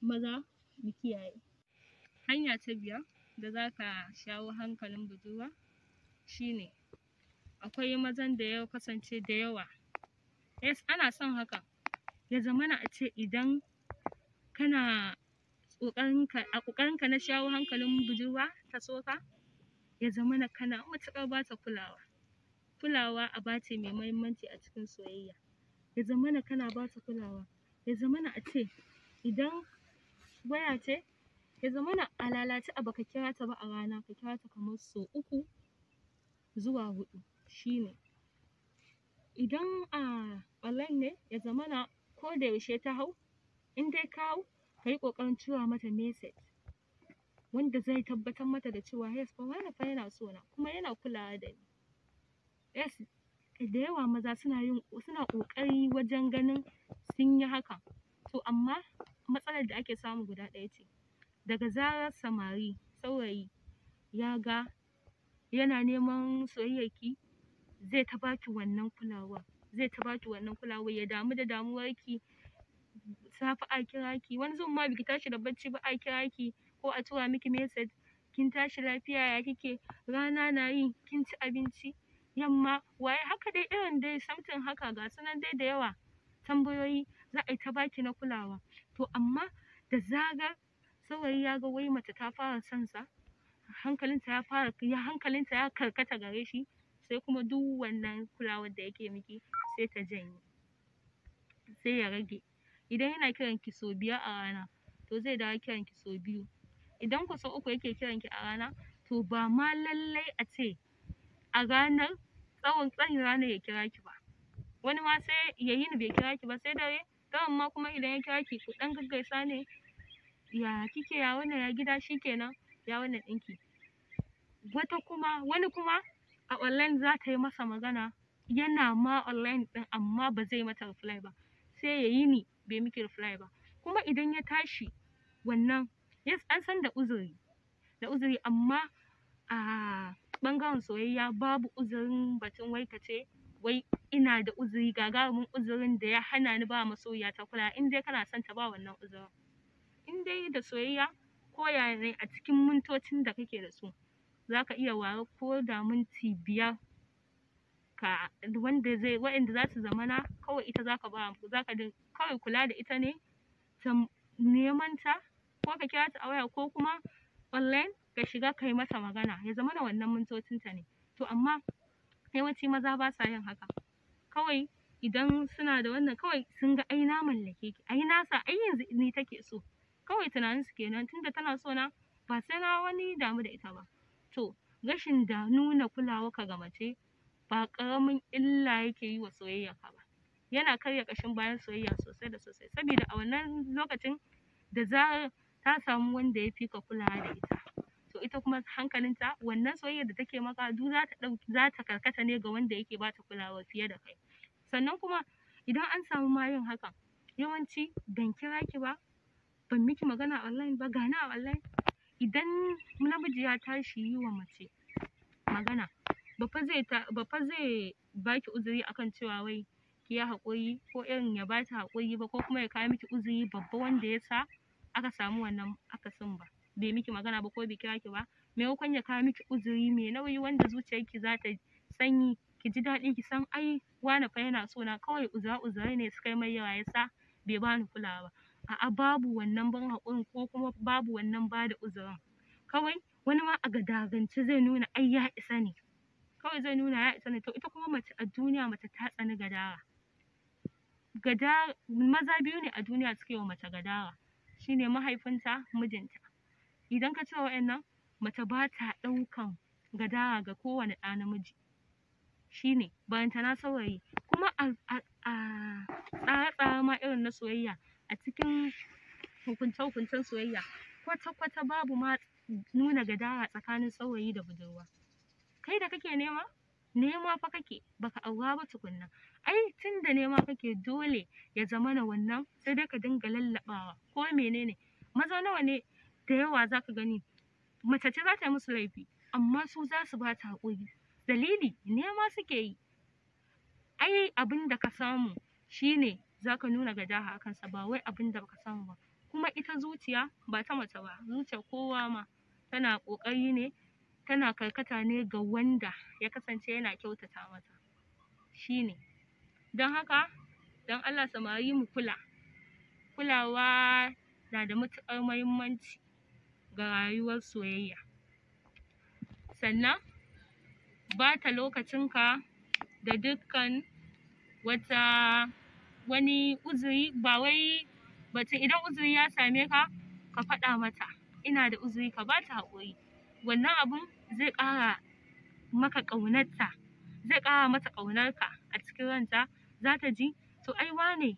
maza mu kiyaye hanya ta biyar da za ka shawo hankalin budurwa shine akwai mazan da ya kasance da yawa yes ana son haka ya zamana a ce idan kana a ƙoƙarinka na shawo hankalin budurwa ta so ka ya zamana kana matuƙar ba ta kulawa kulawa aba ce mai muhimmanci a cikin soyayya ya zamana kana ba ta kulawa ya zamana a ce idan waya ce ya zamana a lalace abu ka kira ta ba a rana ka kira ta kamar sau uku zuwa huɗu shine idan a online ne ya zamana ko da yaushe ta hau in dai ka hau ka yi ƙoƙarin tura mata message wanda zai tabbatar mata da cewa yes fa wane fa yana so na kuma yana kulawa da ni yes da yawa maza suna yin suna ƙoƙari wajen ganin sun yi hakan to amma matsalar da ake samu guda ɗaya ce daga zarar samari saurayi ya ga yana neman soyayyaki zai ta baki wannan kulawar zai ta baki wannan kulawar ya damu da damuwar damuwarki safe a kira ki wani zubin ma baki tashi da bacci ba a kira ki ko a tura miki message kin tashi lafiya ya kike rana na yi kin ci abinci yamma waye haka dai irin dai samtin haka ga su dai da yawa tambayoyi za a yi ta baki na kulawa to amma da zarar saboda ya ga wai mace ta fara son sa hankalinsa ya fara ya hankalinsa ya karkata gare shi sai kuma duk wannan kulawar da yake miki sai ta janye sai ya rage idan yana kiran ki sau biyar a rana to zai dawo kiran ki sau biyu idan ku sau uku yake kiran ki a rana to ba ma lallai a ce a ranar tsawon tsayin ranar ya kira ki ba wani ma sai ya yini bai kira ki ba sai dare daren ma kuma idan ya kira ki ku ɗan gaggaisa ne ya kike ya wannan ya gida shi kenan ya wannan ɗinki wata kuma wani kuma a online za ta yi masa magana yana ma online ɗin amma ba zai mata reply ba sai ya yi ni bai miki reply ba kuma idan ya tashi wannan yes an san da uzuri da uzuri amma a ɓangaren soyayya babu uzurin batun wai ka ce wai ina da uzuri gagarumin uzurin da ya hana ni ba masoyiya ta kula in dai kana son ta ba wannan uzurin in dai da soyayya ko ya ne a cikin mintocin da kake da su za ka iya ware ko da minti biyar ka wanda zai waɗanda za su zamana kawai ita za ka ba za ka kawai kula da ita ne ta neman ta ko ka kira ta a waya ko kuma online ka shiga ka yi masa magana ya zamana wannan mintocin ta ne to amma yawanci maza ba sa yin haka kawai idan suna da wannan kawai sun ga ai na mallake ki ai nasa, ai yanzu ni take so kawai tunaninsu kenan tunda tana so na ba sai na wani damu da ita ba to rashin da nuna kulawa ka ga mace ba karamin illa yake yi wa ka ba yana karya kashin bayan soyayya sosai da sosai saboda a wannan lokacin da zarar ta samu wanda ya fi ka kulawa da ita to ita kuma hankalinta wannan soyayyar da take maka du za ta za ta karkata ne ga wanda yake ba ta kulawa fiye da kai sannan kuma idan an samu ma yin hakan yawanci ban kira ki ba ban miki magana a online ba gani a online idan namiji ya tashi yi wa mace magana ba fa zai baki uzuri akan cewa wai ki ya haƙuri ko irin ya ba ta haƙuri ba ko kuma ya kawo miki uzuri babba wanda ya sa aka samu wannan akasin ba bai miki magana ba ko bai kira ki ba maimakon ya kawo miki uzuri mai nauyi wanda zuciyarki za ta sanyi ki ji daɗi ki san ai wane fa yana so na kawai uzura uzurai ne suka yi mai yawa ya sa bai bani kulawa ba a'a babu wannan ban haƙurin ko kuma babu wannan bada da uzurin kawai wani ma a gadagance zai nuna ai ya isa ne kawai zai nuna ya isa ne to ita kuma mace a duniya mace ta tsani gadara gada maza biyu ne a duniya suke wa mace gadara shine mahaifinta mijinta idan ka cire wa'annan mace ba ta ɗaukan gadara ga kowane ɗa namiji shine bayan ta na saurayi kuma a tsare-tsare ma irin na soyayya a cikin hukunce-hukuncen soyayya kwata-kwata babu ma nuna gadawa tsakanin saurayi da budurwa kai da kake nema nema fa kake baka aura ba tukunna ai tunda nema kake dole ya zama na wannan sai dai ka dinga lallabawa ko menene maza nawa ne da yawa zaka gani mace ce za ta yi musu laifi amma su za su ba haƙuri dalili nema suke yi ai abin da ka samu shine zaka nuna gajiya a kansa ba wai da baka san ba kuma ita zuciya ba ta mace ba zuciyar kowa ma tana ƙoƙari ne tana karkata ne ga wanda ya kasance yana kyautata mata shi ne don haka don Allah samari mu kula kulawa na da matuƙar muhimmanci ga rayuwar soyayya sannan ba ta lokacinka da dukkan wata wani uzuri ba wai batun idan uzuri ya same ka ka faɗa mata ina da uzuri ka bata haƙuri wannan abun zai ƙara maka ƙaunarta zai ƙara mata ƙaunarka a cikin ranta za ta ji to ai wane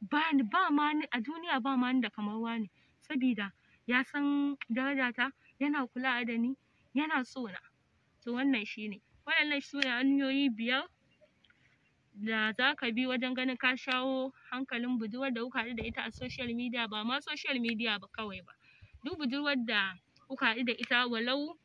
ba ba ma ni a duniya ba ma ni da kamar wane sabida ya san darajata yana kula da ni yana so na to wannan shine waɗannan su ne hanyoyi biyar da za ka bi wajen ganin ka shawo hankalin budurwar da kuka haɗu da ita a social media ba ma social media ba kawai ba duk budurwar da kuka haɗu da ita walau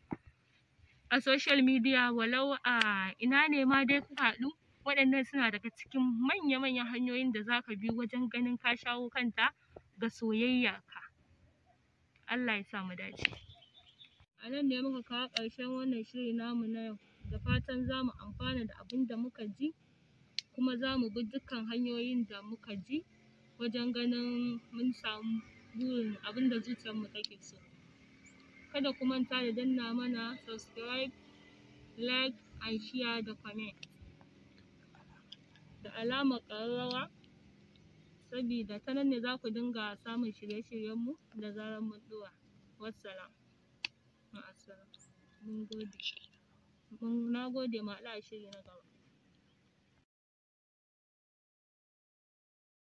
a social media walau a ina ne ma dai kuka haɗu waɗannan suna daga cikin manya-manyan hanyoyin da za ka bi wajen ganin ka shawo kanta ga soyayya ka Allah ya samu mu dace a nan ne muka kawo ƙarshen wannan shiri namu na yau da fatan za mu amfana da abin da muka ji kuma za mu bi dukkan hanyoyin da muka ji wajen ganin mun samu burin abin da zuciyarmu take so. Kada ku manta da danna mana subscribe, like and share da comment. Da alamar ƙararrawa sabida ta nan ne za ku dinga samun shirye-shiryenmu da zarar mun ɗora. Wassalam. Mun gode. Mun na gode ma Allah shiri na gaba.